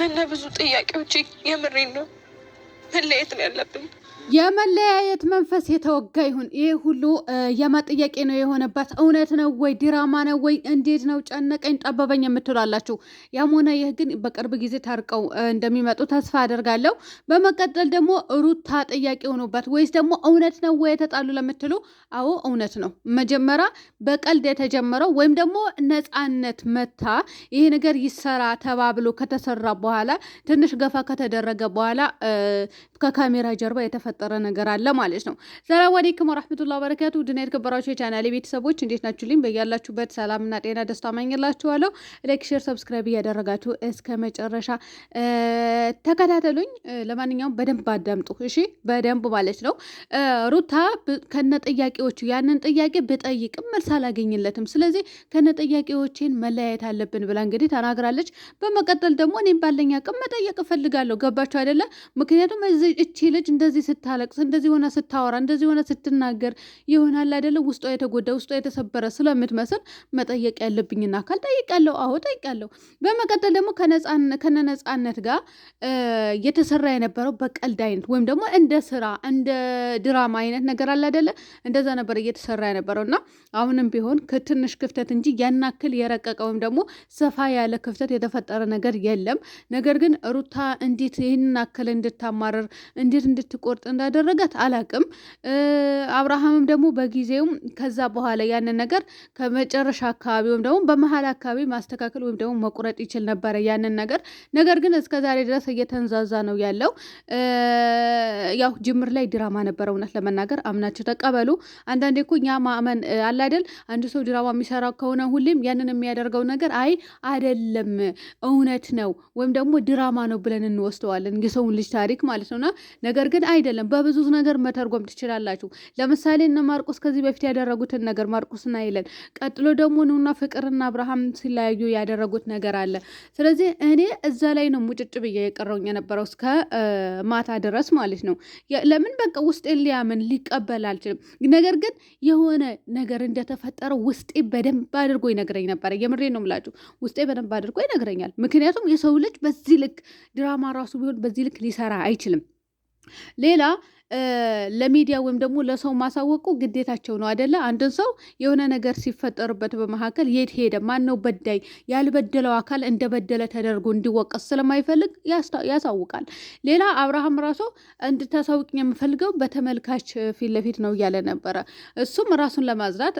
ከነ ብዙ ጥያቄዎች የምሬን ነው መለየት ነው ያለብን። የመለያየት መንፈስ የተወጋ ይሁን። ይህ ሁሉ የማጥያቄ ነው የሆነባት። እውነት ነው ወይ ድራማ ነው ወይ እንዴት ነው? ጨነቀኝ ጠበበኝ የምትላላችሁ። ያም ሆነ ይህ ግን በቅርብ ጊዜ ታርቀው እንደሚመጡ ተስፋ አደርጋለሁ። በመቀጠል ደግሞ ሩታ ጥያቄ ሆኖባት ወይስ ደግሞ እውነት ነው ወይ የተጣሉ ለምትሉ፣ አዎ እውነት ነው። መጀመሪያ በቀልድ የተጀመረው ወይም ደግሞ ነፃነት መታ ይሄ ነገር ይሰራ ተባብሎ ከተሰራ በኋላ ትንሽ ገፋ ከተደረገ በኋላ ከካሜራ ጀርባ የተፈ የተፈጠረ ነገር አለ ማለት ነው። ሰላም አለይኩም ወራህመቱላሂ ወበረካቱ። ድና የተከበራችሁ የቻናሌ ቤተሰቦች እንዴት ናችሁልኝ? ልኝ በያላችሁበት ሰላምና ጤና ደስታ ማግኘላችኋለሁ። ላይክ፣ ሼር፣ ሰብስክራይብ እያደረጋችሁ እስከ መጨረሻ ተከታተሉኝ። ለማንኛውም በደንብ አዳምጡ እሺ፣ በደንብ ማለት ነው። ሩታ ከነ ጥያቄዎቹ ያንን ጥያቄ ብጠይቅም መልስ አላገኝለትም። ስለዚህ ከነ ጥያቄዎቼን መለያየት አለብን ብላ እንግዲህ ተናግራለች። በመቀጠል ደግሞ እኔም ባለኝ አቅም መጠየቅ እፈልጋለሁ። ገባችሁ አይደለ? ምክንያቱም እቺ ልጅ እንደዚህ ስታ ስታለቅስ፣ እንደዚህ ሆነ ስታወራ፣ እንደዚህ ሆነ ስትናገር ይሆናል አይደለም ውስጧ የተጎዳ ውስጧ የተሰበረ ስለምትመስል መጠየቅ ያለብኝና አካል ጠይቃለሁ። አዎ ጠይቃለሁ። በመቀጠል ደግሞ ነጻነት ጋር እየተሰራ የነበረው በቀልድ አይነት ወይም ደግሞ እንደ ስራ እንደ ድራማ አይነት ነገር አለ አይደለ? እንደዛ ነበር እየተሰራ የነበረው እና አሁንም ቢሆን ትንሽ ክፍተት እንጂ ያናክል የረቀቀ ወይም ደግሞ ሰፋ ያለ ክፍተት የተፈጠረ ነገር የለም። ነገር ግን ሩታ እንዴት ይህንን አክል እንድታማርር እንዴት እንድትቆርጥ እንዳደረጋት አላቅም። አብርሃምም ደግሞ በጊዜውም ከዛ በኋላ ያንን ነገር ከመጨረሻ አካባቢ ወይም ደግሞ በመሀል አካባቢ ማስተካከል ወይም ደግሞ መቁረጥ ይችል ነበረ ያንን ነገር። ነገር ግን እስከ ዛሬ ድረስ እየተንዛዛ ነው ያለው። ያው ጅምር ላይ ድራማ ነበረ። እውነት ለመናገር አምናችሁ ተቀበሉ። አንዳንዴ እኮ እኛ ማመን አላደል አንድ ሰው ድራማ የሚሰራ ከሆነ ሁሌም ያንን የሚያደርገው ነገር አይ አይደለም እውነት ነው ወይም ደግሞ ድራማ ነው ብለን እንወስደዋለን የሰውን ልጅ ታሪክ ማለት ነውና፣ ነገር ግን አይደለም አይደለም፣ በብዙ ነገር መተርጎም ትችላላችሁ። ለምሳሌ እነ ማርቆስ ከዚህ በፊት ያደረጉትን ነገር ማርቆስና ይለን፣ ቀጥሎ ደግሞ ኑና ፍቅርና አብርሃም ሲለያዩ ያደረጉት ነገር አለ። ስለዚህ እኔ እዛ ላይ ነው ሙጭጭ ብዬ የቀረውኝ የነበረው እስከ ማታ ድረስ ማለት ነው። ለምን በቃ ውስጤ ሊያምን ሊቀበል አልችልም። ነገር ግን የሆነ ነገር እንደተፈጠረ ውስጤ በደንብ አድርጎ ይነግረኝ ነበረ። የምሬ ነው ምላችሁ፣ ውስጤ በደንብ አድርጎ ይነግረኛል። ምክንያቱም የሰው ልጅ በዚህ ልክ ድራማ ራሱ ቢሆን በዚህ ልክ ሊሰራ አይችልም። ሌላ ለሚዲያ ወይም ደግሞ ለሰው ማሳወቁ ግዴታቸው ነው አደለ? አንድን ሰው የሆነ ነገር ሲፈጠርበት በመካከል የት ሄደ፣ ማነው በዳይ፣ ያልበደለው አካል እንደበደለ ተደርጎ እንዲወቀስ ስለማይፈልግ ያሳውቃል። ሌላ አብርሃም ራሱ እንድታሳውቅኝ የምፈልገው በተመልካች ፊት ለፊት ነው እያለ ነበረ። እሱም ራሱን ለማዝራት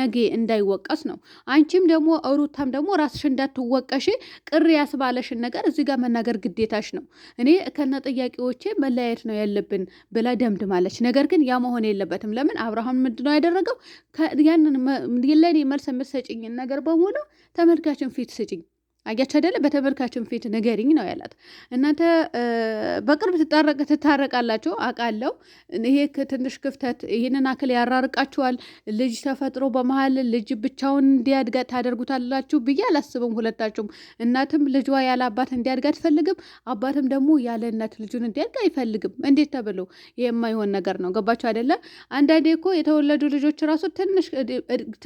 ነገ እንዳይወቀስ ነው። አንቺም ደግሞ ሩታም ደግሞ ራስሽ እንዳትወቀሽ ቅር ያስባለሽን ነገር እዚህ ጋር መናገር ግዴታሽ ነው። እኔ ከነ ጥያቄዎቼ መለያየት ነው ያለ አለብን ብላ ደምድማለች። ነገር ግን ያ መሆን የለበትም። ለምን አብርሃም ነው ያደረገው? ያንን ለእኔ መልስ የምትሰጭኝን ነገር በሙሉ ተመልካችን ፊት ስጭኝ አያች አይደለ በተመልካችን ፊት ንገሪኝ ነው ያላት። እናንተ በቅርብ ትታረቃላችሁ አውቃለሁ። ይሄ ትንሽ ክፍተት ይህንን አክል ያራርቃችኋል። ልጅ ተፈጥሮ በመሀል ልጅ ብቻውን እንዲያድጋ ታደርጉታላችሁ ብዬ አላስብም። ሁለታችሁም እናትም ልጇ ያለ አባት እንዲያድጋ አትፈልግም፣ አባትም ደግሞ ያለ እናት ልጁን እንዲያድጋ አይፈልግም። እንዴት ተብሎ የማይሆን ነገር ነው። ገባችሁ አይደለ? አንዳንዴ እኮ የተወለዱ ልጆች ራሱ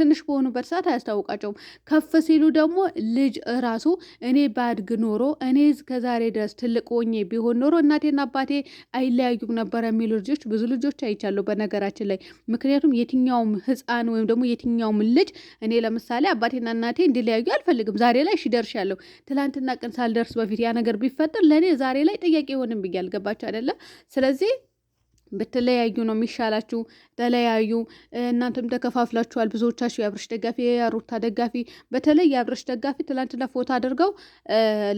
ትንሽ በሆኑበት ሰዓት አያስታውቃቸውም። ከፍ ሲሉ ደግሞ ልጅ ራሱ ራሱ እኔ ባድግ ኖሮ እኔ ከዛሬ ድረስ ትልቅ ሆኜ ቢሆን ኖሮ እናቴና አባቴ አይለያዩም ነበር የሚሉ ልጆች ብዙ ልጆች አይቻለሁ። በነገራችን ላይ ምክንያቱም የትኛውም ህፃን ወይም ደግሞ የትኛውም ልጅ እኔ ለምሳሌ አባቴና እናቴ እንዲለያዩ አልፈልግም። ዛሬ ላይ እሺ ደርሻለሁ። ትላንትና ቀን ሳልደርስ በፊት ያ ነገር ቢፈጠር ለእኔ ዛሬ ላይ ጥያቄ ይሆንም ብዬ አልገባቸው አይደለም። ስለዚህ ብትለያዩ ነው የሚሻላችሁ። ተለያዩ። እናንተም ተከፋፍላችኋል። ብዙዎቻችሁ የአብርሽ ደጋፊ፣ የሩታ ደጋፊ፣ በተለይ የአብርሽ ደጋፊ ትላንትና ፎቶ አድርገው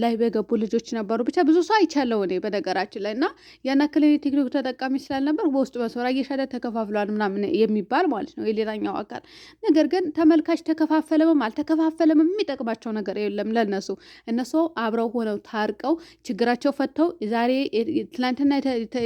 ላይ በገቡ ልጆች ነበሩ። ብቻ ብዙ ሰው አይቻለው እኔ በነገራችን ላይ እና ያና ያክል ቲክቶክ ተጠቃሚ ስላልነበር በውስጡ መስመር እየሻለ ተከፋፍሏል ምናምን የሚባል ማለት ነው የሌላኛው አካል ነገር ግን ተመልካች ተከፋፈለምም አልተከፋፈለምም የሚጠቅማቸው ነገር የለም ለነሱ። እነሱ አብረው ሆነው ታርቀው ችግራቸው ፈተው ዛሬ ትላንትና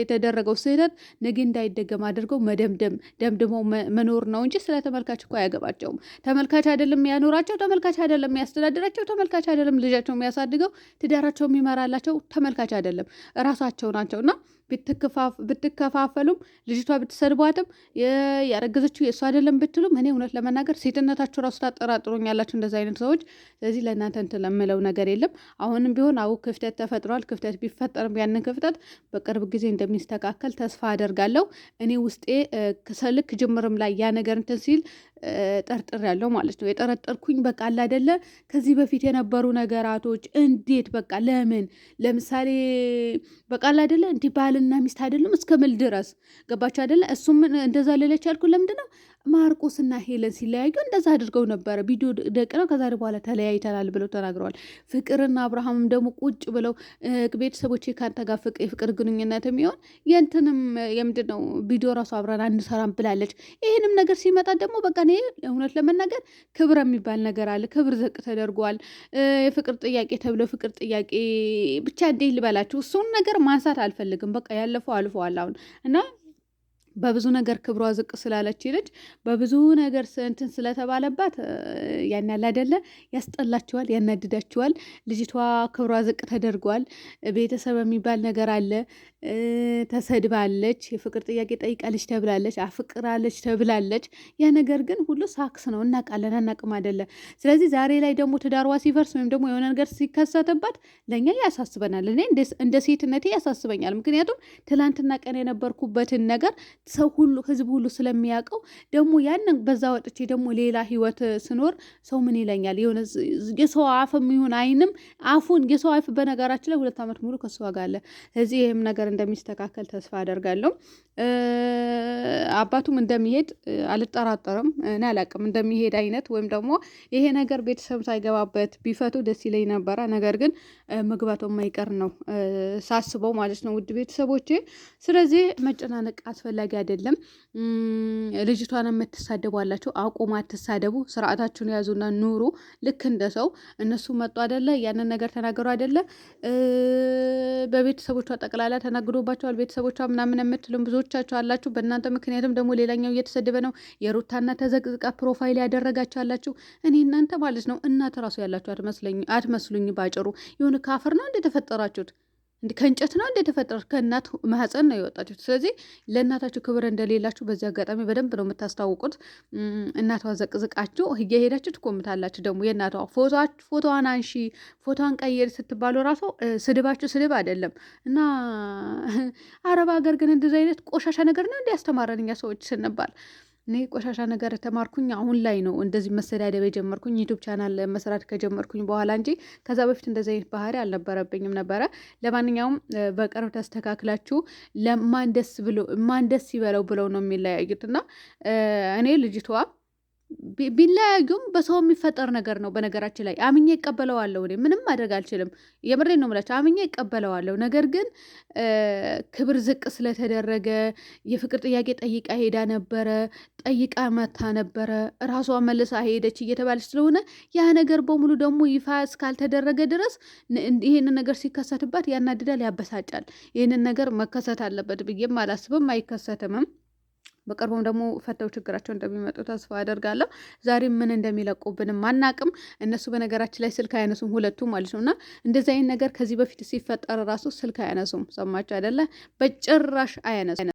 የተደረገው ስህተት ነገ እንዳይደገም አድርገው መደምደም ደምድሞ መኖር ነው እንጂ ስለ ተመልካች እኮ አያገባቸውም። ተመልካች አይደለም የሚያኖራቸው፣ ተመልካች አይደለም የሚያስተዳድራቸው፣ ተመልካች አይደለም ልጃቸው የሚያሳድገው፣ ትዳራቸው የሚመራላቸው ተመልካች አይደለም እራሳቸው ናቸው እና። ብትከፋፈሉም ልጅቷ ብትሰድቧትም ያረገዘችው የእሱ አይደለም ብትሉም እኔ እውነት ለመናገር ሴትነታችሁ ራሱ ታጠራጥሮኝ ያላችሁ እንደዚ አይነት ሰዎች። ስለዚህ ለእናንተ እንትን ለምለው ነገር የለም። አሁንም ቢሆን አው ክፍተት ተፈጥሯል። ክፍተት ቢፈጠርም ያንን ክፍተት በቅርብ ጊዜ እንደሚስተካከል ተስፋ አደርጋለሁ። እኔ ውስጤ ከሰልክ ጅምርም ላይ ያ ነገር እንትን ሲል ጠርጥር ያለው ማለት ነው። የጠረጠርኩኝ በቃ አለ አይደለ ከዚህ በፊት የነበሩ ነገራቶች እንዴት በቃ ለምን ለምሳሌ በቃ አለ አይደለ እንዲህ ባልና ሚስት አይደለም እስከ ምል ድረስ ገባቸው አይደለ? እሱም እንደዛ ሌለች ያልኩ ለምንድን ነው ማርቆስና ሄለን ሲለያዩ እንደዛ አድርገው ነበረ ቪዲዮ ደቅነው ከዛሬ በኋላ ተለያይተናል ብለው ተናግረዋል። ፍቅርና አብርሃምም ደግሞ ቁጭ ብለው ቤተሰቦች ከአንተ ጋር የፍቅር ግንኙነት የሚሆን የንትንም የምንድን ነው ቪዲዮ ራሱ አብረን አንሰራም ብላለች። ይህንም ነገር ሲመጣ ደግሞ በቃ እኔ እውነት ለመናገር ክብር የሚባል ነገር አለ። ክብር ዘቅ ተደርጓል። የፍቅር ጥያቄ ተብሎ ፍቅር ጥያቄ ብቻ እንዴ ልበላችሁ፣ እሱን ነገር ማንሳት አልፈልግም። በቃ ያለፈው አልፈዋል አሁን እና በብዙ ነገር ክብሯ ዝቅ ስላለች ልጅ በብዙ ነገር እንትን ስለተባለባት ያን ያለ አይደለ ያስጠላችኋል፣ ያናድዳችኋል። ልጅቷ ክብሯ ዝቅ ተደርጓል። ቤተሰብ የሚባል ነገር አለ። ተሰድባለች፣ የፍቅር ጥያቄ ጠይቃለች ተብላለች፣ አፍቅራለች ተብላለች። ያ ነገር ግን ሁሉ ሳክስ ነው፣ እናውቃለን፣ አናቅም አይደለ? ስለዚህ ዛሬ ላይ ደግሞ ትዳርዋ ሲፈርስ ወይም ደግሞ የሆነ ነገር ሲከሰትባት ለእኛ ያሳስበናል። እኔ እንደ ሴትነቴ ያሳስበኛል። ምክንያቱም ትላንትና ቀን የነበርኩበትን ነገር ሰው ሁሉ ህዝብ ሁሉ ስለሚያውቀው ደግሞ ያንን በዛ ወጥቼ ደግሞ ሌላ ህይወት ስኖር ሰው ምን ይለኛል? የሆነ የሰው አፍ የሚሆን አይንም አፉን የሰው አፍ በነገራችን ላይ ሁለት ዓመት ሙሉ ከሱ ዋጋ አለ። ስለዚህ ይህም ነገር እንደሚስተካከል ተስፋ አደርጋለሁ። አባቱም እንደሚሄድ አልጠራጠርም። እኔ አላቅም እንደሚሄድ አይነት ወይም ደግሞ ይሄ ነገር ቤተሰብ ሳይገባበት ቢፈቱ ደስ ይለኝ ነበረ። ነገር ግን መግባቱ የማይቀር ነው ሳስበው ማለት ነው፣ ውድ ቤተሰቦቼ። ስለዚህ መጨናነቅ አስፈላጊ አይደለም። ልጅቷን የምትሳደቡ አላቸው፣ አቁም፣ አትሳደቡ። ስርዓታችሁን ያዙና ኑሩ። ልክ እንደ ሰው እነሱ መጡ አይደለ፣ ያንን ነገር ተናገሩ አይደለ፣ በቤተሰቦቿ ጠቅላላ ተናገሩ ታግዶባቸዋል ቤተሰቦቿ ምናምን የምትሉም ብዙዎቻቸው አላችሁ። በእናንተ ምክንያትም ደግሞ ሌላኛው እየተሰደበ ነው። የሩታና ተዘቅዝቃ ፕሮፋይል ያደረጋቸው አላችሁ። እኔ እናንተ ማለት ነው እናት ራሱ ያላችሁ አትመስሉኝ። በአጭሩ የሆነ ካፈር ነው እንደተፈጠራችሁት ከእንጨት ነው እንደ ከእናት ማህፀን ነው የወጣችሁት። ስለዚህ ለእናታችሁ ክብር እንደሌላችሁ በዚህ አጋጣሚ በደንብ ነው የምታስታውቁት። እናቷ ዘቅዝቃችሁ እየሄዳችሁ ትቆምታላችሁ። ደግሞ የእናቷ ፎቶዋን አንሺ፣ ፎቶዋን ቀይር ስትባሉ ራሱ ስድባችሁ ስድብ አይደለም እና አረብ ሀገር ግን እንደዚህ አይነት ቆሻሻ ነገር ነው እንዲያስተማረን እኛ ሰዎች ስንባል እኔ ቆሻሻ ነገር ተማርኩኝ አሁን ላይ ነው እንደዚህ መሰዳደብ የጀመርኩኝ ዩቱብ ቻናል መስራት ከጀመርኩኝ በኋላ እንጂ ከዛ በፊት እንደዚህ አይነት ባህሪ አልነበረብኝም ነበረ። ለማንኛውም በቅርብ ተስተካክላችሁ ለማን ደስ ብሎ ማን ደስ ይበለው ብለው ነው የሚለያዩት እና እኔ ልጅቷ ቢለያዩም በሰው የሚፈጠር ነገር ነው። በነገራችን ላይ አምኜ ይቀበለዋለሁ። እኔ ምንም ማድረግ አልችልም። የምሬ ነው የምላቸው፣ አምኜ ይቀበለዋለሁ። ነገር ግን ክብር ዝቅ ስለተደረገ የፍቅር ጥያቄ ጠይቃ ሄዳ ነበረ፣ ጠይቃ መታ ነበረ፣ ራሷ መልሳ ሄደች እየተባለች ስለሆነ ያ ነገር በሙሉ ደግሞ ይፋ እስካልተደረገ ድረስ ይህንን ነገር ሲከሰትባት ያናድዳል፣ ያበሳጫል። ይህንን ነገር መከሰት አለበት ብዬም አላስብም፣ አይከሰትምም። በቅርቡም ደግሞ ፈተው ችግራቸው እንደሚመጡ ተስፋ አደርጋለሁ። ዛሬም ምን እንደሚለቁብንም አናቅም። እነሱ በነገራችን ላይ ስልክ አያነሱም ሁለቱ ማለት ነው እና እንደዚህ አይነት ነገር ከዚህ በፊት ሲፈጠር ራሱ ስልክ አያነሱም። ሰማችሁ አይደለ? በጭራሽ አያነሱም።